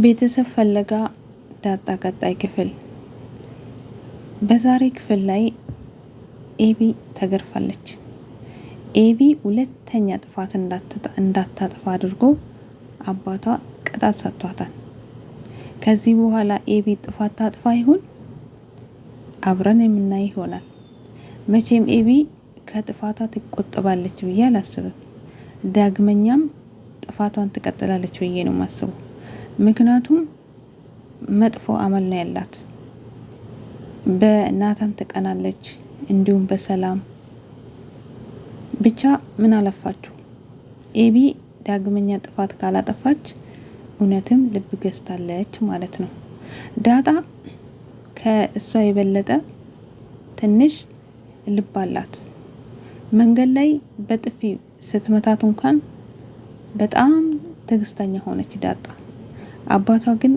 ቤተሰብ ፍለጋ ዳጣ ቀጣይ ክፍል። በዛሬ ክፍል ላይ ኤቢ ተገርፋለች። ኤቢ ሁለተኛ ጥፋት እንዳታጥፋ አድርጎ አባቷ ቅጣት ሰጥቷታል። ከዚህ በኋላ ኤቢ ጥፋት ታጥፋ ይሆን? አብረን የምናይ ይሆናል። መቼም ኤቢ ከጥፋቷ ትቆጠባለች ብዬ አላስብም። ዳግመኛም ጥፋቷን ትቀጥላለች ብዬ ነው ማስበው። ምክንያቱም መጥፎ አመል ነው ያላት። በናታን ትቀናለች፣ እንዲሁም በሰላም ብቻ ምን አለፋችሁ ኤቢ ዳግመኛ ጥፋት ካላጠፋች እውነትም ልብ ገዝታለች ማለት ነው። ዳጣ ከእሷ የበለጠ ትንሽ ልብ አላት። መንገድ ላይ በጥፊ ስትመታት እንኳን በጣም ትዕግስተኛ ሆነች ዳጣ። አባቷ ግን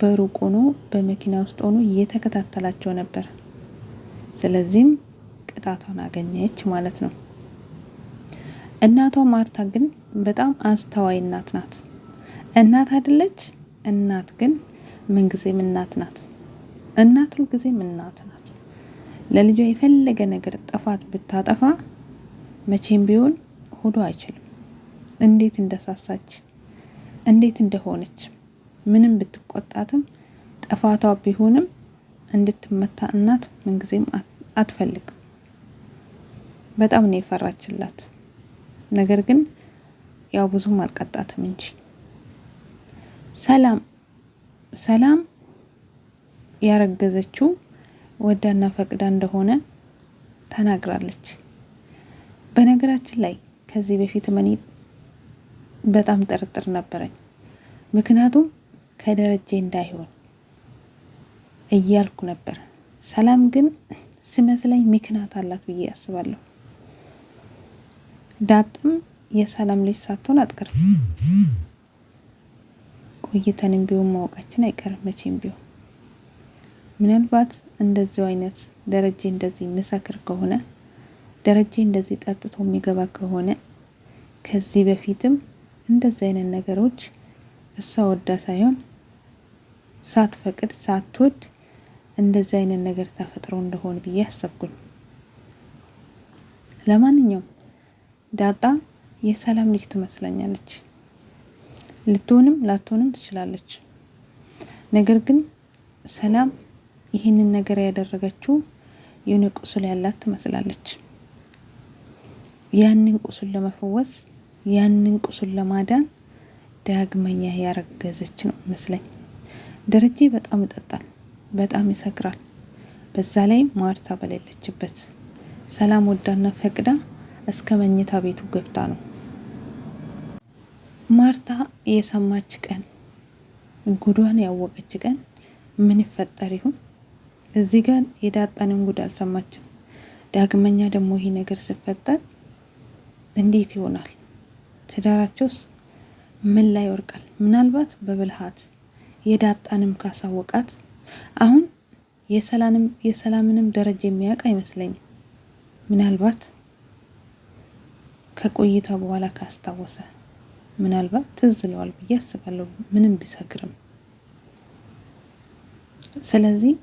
በሩቅ ሆኖ በመኪና ውስጥ ሆኖ እየተከታተላቸው ነበር። ስለዚህም ቅጣቷን አገኘች ማለት ነው። እናቷ ማርታ ግን በጣም አስተዋይ እናት ናት። እናት አይደለች፣ እናት ግን ምንጊዜም እናት ናት። እናት ሁልጊዜም እናት ናት። ለልጇ የፈለገ ነገር ጥፋት ብታጠፋ መቼም ቢሆን ሁሉ አይችልም። እንዴት እንደሳሳች እንዴት እንደሆነች ምንም ብትቆጣትም ጥፋቷ ቢሆንም እንድትመታ እናት ምንጊዜም አትፈልግም። በጣም ነው የፈራችላት። ነገር ግን ያው ብዙም አልቀጣትም እንጂ ሰላም ሰላም ያረገዘችው ወዳና ፈቅዳ እንደሆነ ተናግራለች። በነገራችን ላይ ከዚህ በፊት መኔ በጣም ጥርጥር ነበረኝ ምክንያቱም ከደረጀ እንዳይሆን እያልኩ ነበር። ሰላም ግን ሲመስለኝ ምክንያት አላት ብዬ አስባለሁ። ዳጥም የሰላም ልጅ ሳትሆን አትቀርም። ቆይተንም ቢሆን ማወቃችን አይቀርም መቼም ቢሆን ምናልባት እንደዚሁ አይነት ደረጀ እንደዚህ ምሰክር ከሆነ ደረጀ እንደዚህ ጠጥቶ የሚገባ ከሆነ ከዚህ በፊትም እንደዚህ አይነት ነገሮች እሷ ወዳ ሳይሆን ሳትፈቅድ ሳትወድ እንደዚህ አይነት ነገር ተፈጥሮ እንደሆን ብዬ አሰብኩኝ። ለማንኛውም ዳጣ የሰላም ልጅ ትመስለኛለች። ልትሆንም ላትሆንም ትችላለች። ነገር ግን ሰላም ይህንን ነገር ያደረገችው የሆነ ቁስል ያላት ትመስላለች። ያንን ቁስል ለመፈወስ ያንን ቁስል ለማዳን ዳግመኛ ያረገዘች ነው መስለኝ። ደረጀ በጣም ይጠጣል፣ በጣም ይሰክራል። በዛ ላይ ማርታ በሌለችበት ሰላም ወዳና ፈቅዳ እስከ መኝታ ቤቱ ገብታ ነው። ማርታ የሰማች ቀን ጉዷን ያወቀች ቀን ምን ይፈጠር ይሁን? እዚህ ጋር የዳጣንን ጉድ አልሰማችም። ዳግመኛ ደግሞ ይሄ ነገር ሲፈጠር እንዴት ይሆናል? ትዳራቸውስ ምን ላይ ይወርቃል? ምናልባት በብልሃት የዳጣንም ካሳወቃት አሁን የሰላምንም ደረጃ የሚያውቅ አይመስለኝም። ምናልባት ከቆይታ በኋላ ካስታወሰ ምናልባት ትዝ ይለዋል ብዬ አስባለሁ፣ ምንም ቢሰክርም። ስለዚህ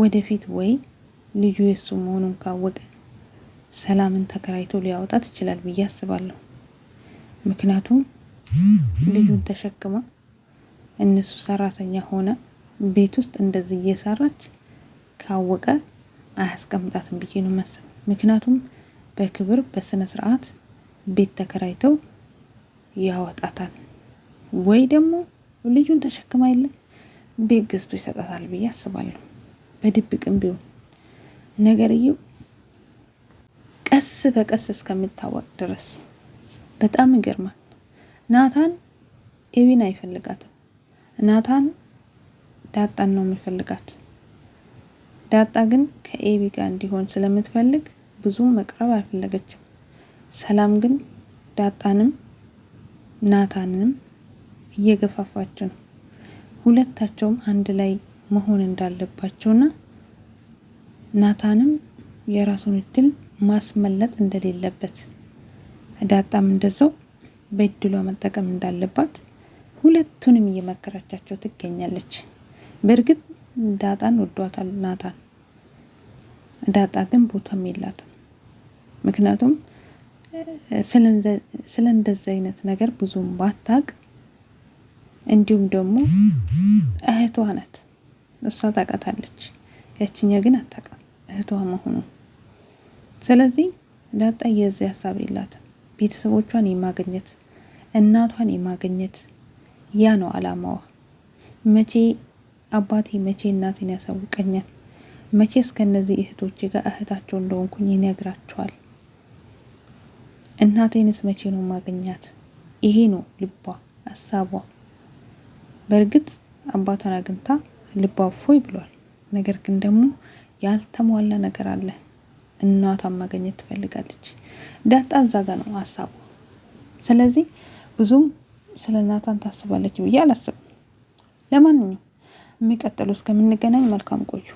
ወደፊት ወይ ልዩ የሱ መሆኑን ካወቀ ሰላምን ተከራይቶ ሊያወጣት ይችላል ብዬ አስባለሁ። ምክንያቱም ልዩን ተሸክማ እነሱ ሰራተኛ ሆነ ቤት ውስጥ እንደዚህ እየሰራች ካወቀ አያስቀምጣትም ብዬ ነው የማስበው። ምክንያቱም በክብር በስነ ስርዓት ቤት ተከራይተው ያወጣታል፣ ወይ ደግሞ ልጁን ተሸክማ የለ ቤት ገዝቶ ይሰጣታል ብዬ አስባለሁ። በድብቅም ቢሆን ነገርየው ቀስ በቀስ እስከሚታወቅ ድረስ በጣም ይገርማል። ናታን ኤቢን አይፈልጋትም። ናታን ዳጣን ነው የሚፈልጋት። ዳጣ ግን ከኤቢ ጋር እንዲሆን ስለምትፈልግ ብዙ መቅረብ አልፈለገችም። ሰላም ግን ዳጣንም ናታንንም እየገፋፋቸው ነው ሁለታቸውም አንድ ላይ መሆን እንዳለባቸውና ናታንም የራሱን እድል ማስመለጥ እንደሌለበት ዳጣም እንደዛው በእድሏ መጠቀም እንዳለባት ሁለቱንም እየመከረቻቸው ትገኛለች። በእርግጥ ዳጣን ወዷታል ናታን። ዳጣ ግን ቦታም የላትም። ምክንያቱም ስለ እንደዚህ አይነት ነገር ብዙም ባታቅ እንዲሁም ደግሞ እህቷ ናት እሷ ታውቃታለች። ያችኛ ግን አታውቅም እህቷ መሆኑ። ስለዚህ ዳጣ የዚህ ሀሳብ የላትም ቤተሰቦቿን የማግኘት እናቷን የማግኘት ያ ነው አላማዋ። መቼ አባቴ መቼ እናቴን ያሳውቀኛል? መቼስ ከነዚህ እህቶች ጋር እህታቸው እንደሆንኩኝ ይነግራቸዋል። እናቴንስ መቼ ነው ማገኛት? ይሄ ነው ልቧ ሀሳቧ። በእርግጥ አባቷን አግኝታ ልቧ እፎይ ብሏል። ነገር ግን ደግሞ ያልተሟላ ነገር አለ። እናቷን ማገኘት ትፈልጋለች። ዳጣ እዛ ጋ ነው ሀሳቧ። ስለዚህ ብዙም ስለ ናታን ታስባለች ብዬ አላስብም። ለማንኛውም የሚቀጥለው እስከምንገናኝ መልካም ቆዩ።